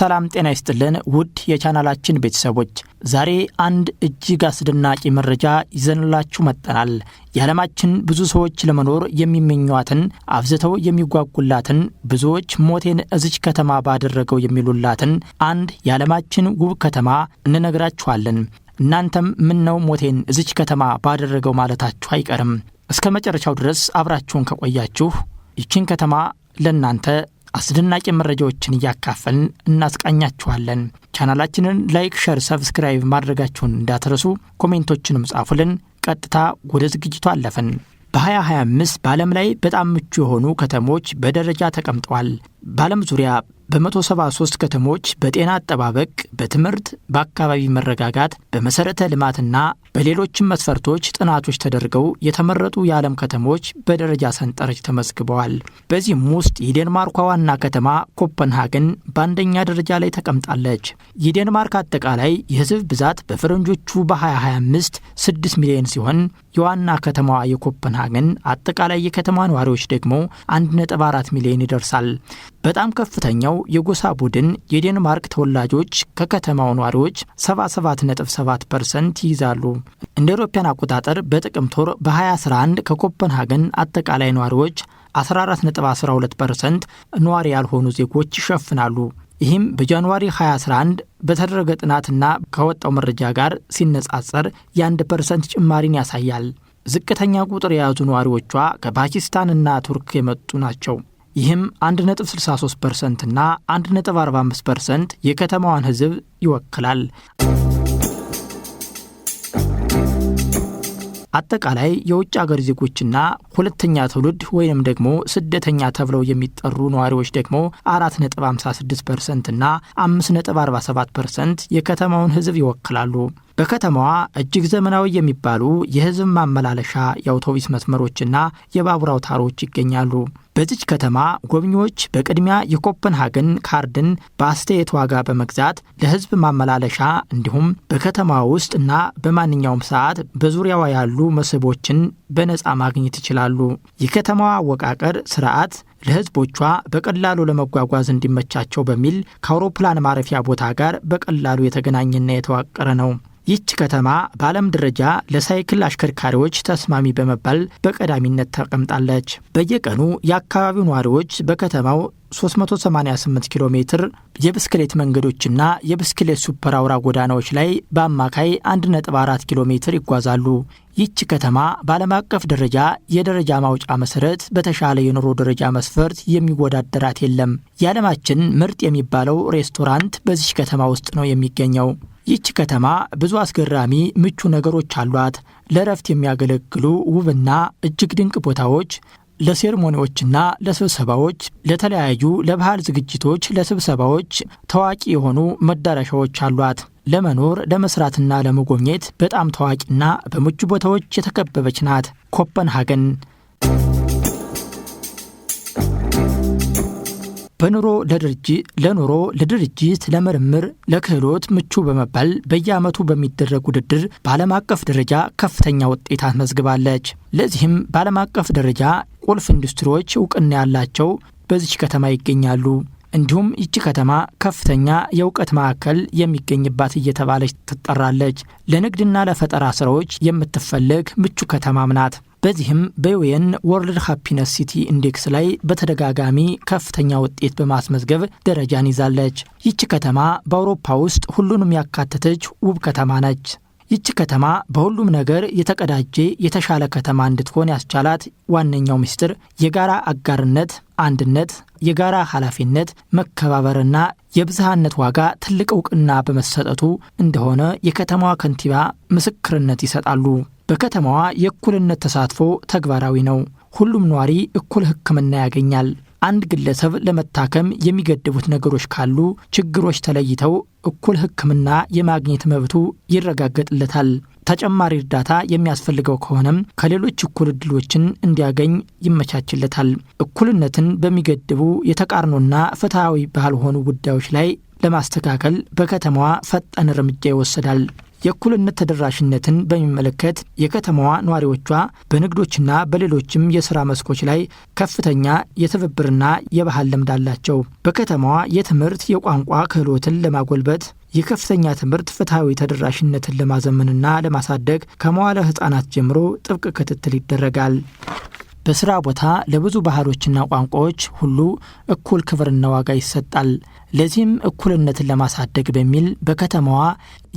ሰላም ጤና ይስጥልን ውድ የቻናላችን ቤተሰቦች፣ ዛሬ አንድ እጅግ አስደናቂ መረጃ ይዘንላችሁ መጠናል። የዓለማችን ብዙ ሰዎች ለመኖር የሚመኟትን አብዝተው የሚጓጉላትን ብዙዎች ሞቴን እዚች ከተማ ባደረገው የሚሉላትን አንድ የዓለማችን ውብ ከተማ እንነግራችኋለን። እናንተም ምን ነው ሞቴን እዚች ከተማ ባደረገው ማለታችሁ አይቀርም። እስከ መጨረሻው ድረስ አብራችሁን ከቆያችሁ ይችን ከተማ ለእናንተ አስደናቂ መረጃዎችን እያካፈልን እናስቃኛችኋለን። ቻናላችንን ላይክ፣ ሸር፣ ሰብስክራይብ ማድረጋችሁን እንዳትረሱ። ኮሜንቶችንም ጻፉልን። ቀጥታ ወደ ዝግጅቱ አለፍን። በ2025 በዓለም ላይ በጣም ምቹ የሆኑ ከተሞች በደረጃ ተቀምጠዋል። በዓለም ዙሪያ በ173 ከተሞች በጤና አጠባበቅ፣ በትምህርት፣ በአካባቢ መረጋጋት፣ በመሰረተ ልማትና በሌሎችም መስፈርቶች ጥናቶች ተደርገው የተመረጡ የዓለም ከተሞች በደረጃ ሰንጠረዥ ተመዝግበዋል። በዚህም ውስጥ የዴንማርኳ ዋና ከተማ ኮፐንሃግን በአንደኛ ደረጃ ላይ ተቀምጣለች። የዴንማርክ አጠቃላይ የህዝብ ብዛት በፈረንጆቹ በ2025 6 ሚሊዮን ሲሆን የዋና ከተማዋ የኮፐንሃግን አጠቃላይ የከተማ ነዋሪዎች ደግሞ 1.4 ሚሊዮን ይደርሳል። በጣም ከፍተኛው የጎሳ ቡድን የዴንማርክ ተወላጆች ከከተማው ነዋሪዎች 77.7 ፐርሰንት ይይዛሉ። እንደ አውሮፓውያን አቆጣጠር በጥቅምት ወር በ2011 ከኮፐንሃገን አጠቃላይ ነዋሪዎች 14.12 ፐርሰንት ነዋሪ ያልሆኑ ዜጎች ይሸፍናሉ። ይህም በጃንዋሪ 2011 በተደረገ ጥናትና ከወጣው መረጃ ጋር ሲነጻጸር የአንድ ፐርሰንት ጭማሪን ያሳያል። ዝቅተኛ ቁጥር የያዙ ነዋሪዎቿ ከፓኪስታንና ቱርክ የመጡ ናቸው። ይህም 1.63 ፐርሰንት እና 1.45 ፐርሰንት የከተማዋን ህዝብ ይወክላል። አጠቃላይ የውጭ አገር ዜጎችና ሁለተኛ ትውልድ ወይንም ደግሞ ስደተኛ ተብለው የሚጠሩ ነዋሪዎች ደግሞ 4.56 ፐርሰንትና 5.47 ፐርሰንት የከተማውን ህዝብ ይወክላሉ። በከተማዋ እጅግ ዘመናዊ የሚባሉ የህዝብ ማመላለሻ የአውቶቡስ መስመሮችና የባቡር አውታሮች ይገኛሉ። በዚች ከተማ ጎብኚዎች በቅድሚያ የኮፐንሃገን ካርድን በአስተያየት ዋጋ በመግዛት ለህዝብ ማመላለሻ እንዲሁም በከተማ ውስጥ እና በማንኛውም ሰዓት በዙሪያዋ ያሉ መስህቦችን በነፃ ማግኘት ይችላሉ። የከተማዋ አወቃቀር ስርዓት ለህዝቦቿ በቀላሉ ለመጓጓዝ እንዲመቻቸው በሚል ከአውሮፕላን ማረፊያ ቦታ ጋር በቀላሉ የተገናኘና የተዋቀረ ነው። ይህች ከተማ በዓለም ደረጃ ለሳይክል አሽከርካሪዎች ተስማሚ በመባል በቀዳሚነት ተቀምጣለች። በየቀኑ የአካባቢው ነዋሪዎች በከተማው 388 ኪሎ ሜትር የብስክሌት መንገዶችና የብስክሌት ሱፐር አውራ ጎዳናዎች ላይ በአማካይ 1.4 ኪሎ ሜትር ይጓዛሉ። ይህች ከተማ በዓለም አቀፍ ደረጃ የደረጃ ማውጫ መሰረት በተሻለ የኑሮ ደረጃ መስፈርት የሚወዳደራት የለም። የዓለማችን ምርጥ የሚባለው ሬስቶራንት በዚች ከተማ ውስጥ ነው የሚገኘው። ይቺ ከተማ ብዙ አስገራሚ ምቹ ነገሮች አሏት። ለእረፍት የሚያገለግሉ ውብና እጅግ ድንቅ ቦታዎች፣ ለሴርሞኒዎችና ለስብሰባዎች፣ ለተለያዩ ለባህል ዝግጅቶች፣ ለስብሰባዎች ታዋቂ የሆኑ መዳረሻዎች አሏት። ለመኖር ለመስራትና ለመጎብኘት በጣም ታዋቂና በምቹ ቦታዎች የተከበበች ናት ኮፐንሃገን። በኑሮ ለድርጅት ለኑሮ ለድርጅት ለምርምር ለክህሎት ምቹ በመባል በየዓመቱ በሚደረግ ውድድር በዓለም አቀፍ ደረጃ ከፍተኛ ውጤት አስመዝግባለች። ለዚህም በዓለም አቀፍ ደረጃ ቁልፍ ኢንዱስትሪዎች እውቅና ያላቸው በዚች ከተማ ይገኛሉ። እንዲሁም ይቺ ከተማ ከፍተኛ የእውቀት ማዕከል የሚገኝባት እየተባለች ትጠራለች። ለንግድና ለፈጠራ ስራዎች የምትፈለግ ምቹ ከተማም ናት። በዚህም በዩኤን ወርልድ ሃፒነስ ሲቲ ኢንዴክስ ላይ በተደጋጋሚ ከፍተኛ ውጤት በማስመዝገብ ደረጃን ይዛለች። ይቺ ከተማ በአውሮፓ ውስጥ ሁሉንም ያካተተች ውብ ከተማ ነች። ይቺ ከተማ በሁሉም ነገር የተቀዳጀ የተሻለ ከተማ እንድትሆን ያስቻላት ዋነኛው ምስጢር የጋራ አጋርነት፣ አንድነት፣ የጋራ ኃላፊነት፣ መከባበርና የብዝሃነት ዋጋ ትልቅ እውቅና በመሰጠቱ እንደሆነ የከተማዋ ከንቲባ ምስክርነት ይሰጣሉ። በከተማዋ የእኩልነት ተሳትፎ ተግባራዊ ነው። ሁሉም ነዋሪ እኩል ሕክምና ያገኛል። አንድ ግለሰብ ለመታከም የሚገድቡት ነገሮች ካሉ ችግሮች ተለይተው እኩል ሕክምና የማግኘት መብቱ ይረጋገጥለታል። ተጨማሪ እርዳታ የሚያስፈልገው ከሆነም ከሌሎች እኩል እድሎችን እንዲያገኝ ይመቻችለታል። እኩልነትን በሚገድቡ የተቃርኖና ፍትሐዊ ባልሆኑ ጉዳዮች ላይ ለማስተካከል በከተማዋ ፈጣን እርምጃ ይወሰዳል። የእኩልነት ተደራሽነትን በሚመለከት የከተማዋ ነዋሪዎቿ በንግዶችና በሌሎችም የስራ መስኮች ላይ ከፍተኛ የትብብርና የባህል ልምድ አላቸው። በከተማዋ የትምህርት የቋንቋ ክህሎትን ለማጎልበት የከፍተኛ ትምህርት ፍትሐዊ ተደራሽነትን ለማዘመንና ለማሳደግ ከመዋለ ሕፃናት ጀምሮ ጥብቅ ክትትል ይደረጋል። በስራ ቦታ ለብዙ ባህሎችና ቋንቋዎች ሁሉ እኩል ክብርና ዋጋ ይሰጣል። ለዚህም እኩልነትን ለማሳደግ በሚል በከተማዋ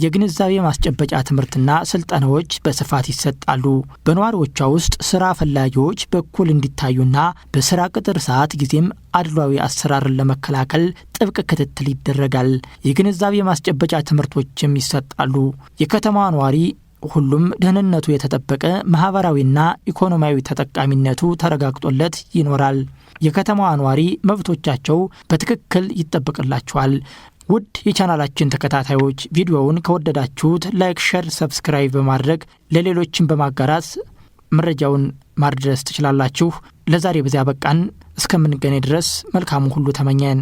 የግንዛቤ ማስጨበጫ ትምህርትና ስልጠናዎች በስፋት ይሰጣሉ። በነዋሪዎቿ ውስጥ ስራ ፈላጊዎች በኩል እንዲታዩና በስራ ቅጥር ሰዓት ጊዜም አድሏዊ አሰራርን ለመከላከል ጥብቅ ክትትል ይደረጋል። የግንዛቤ ማስጨበጫ ትምህርቶችም ይሰጣሉ። የከተማዋ ነዋሪ ሁሉም ደህንነቱ የተጠበቀ ማኅበራዊና ኢኮኖሚያዊ ተጠቃሚነቱ ተረጋግጦለት ይኖራል። የከተማዋ ኗሪ መብቶቻቸው በትክክል ይጠበቅላቸዋል። ውድ የቻናላችን ተከታታዮች ቪዲዮውን ከወደዳችሁት ላይክ፣ ሸር፣ ሰብስክራይብ በማድረግ ለሌሎችን በማጋራት መረጃውን ማድረስ ትችላላችሁ። ለዛሬ በዚያ በቃን። እስከምንገናኝ ድረስ መልካሙ ሁሉ ተመኘን።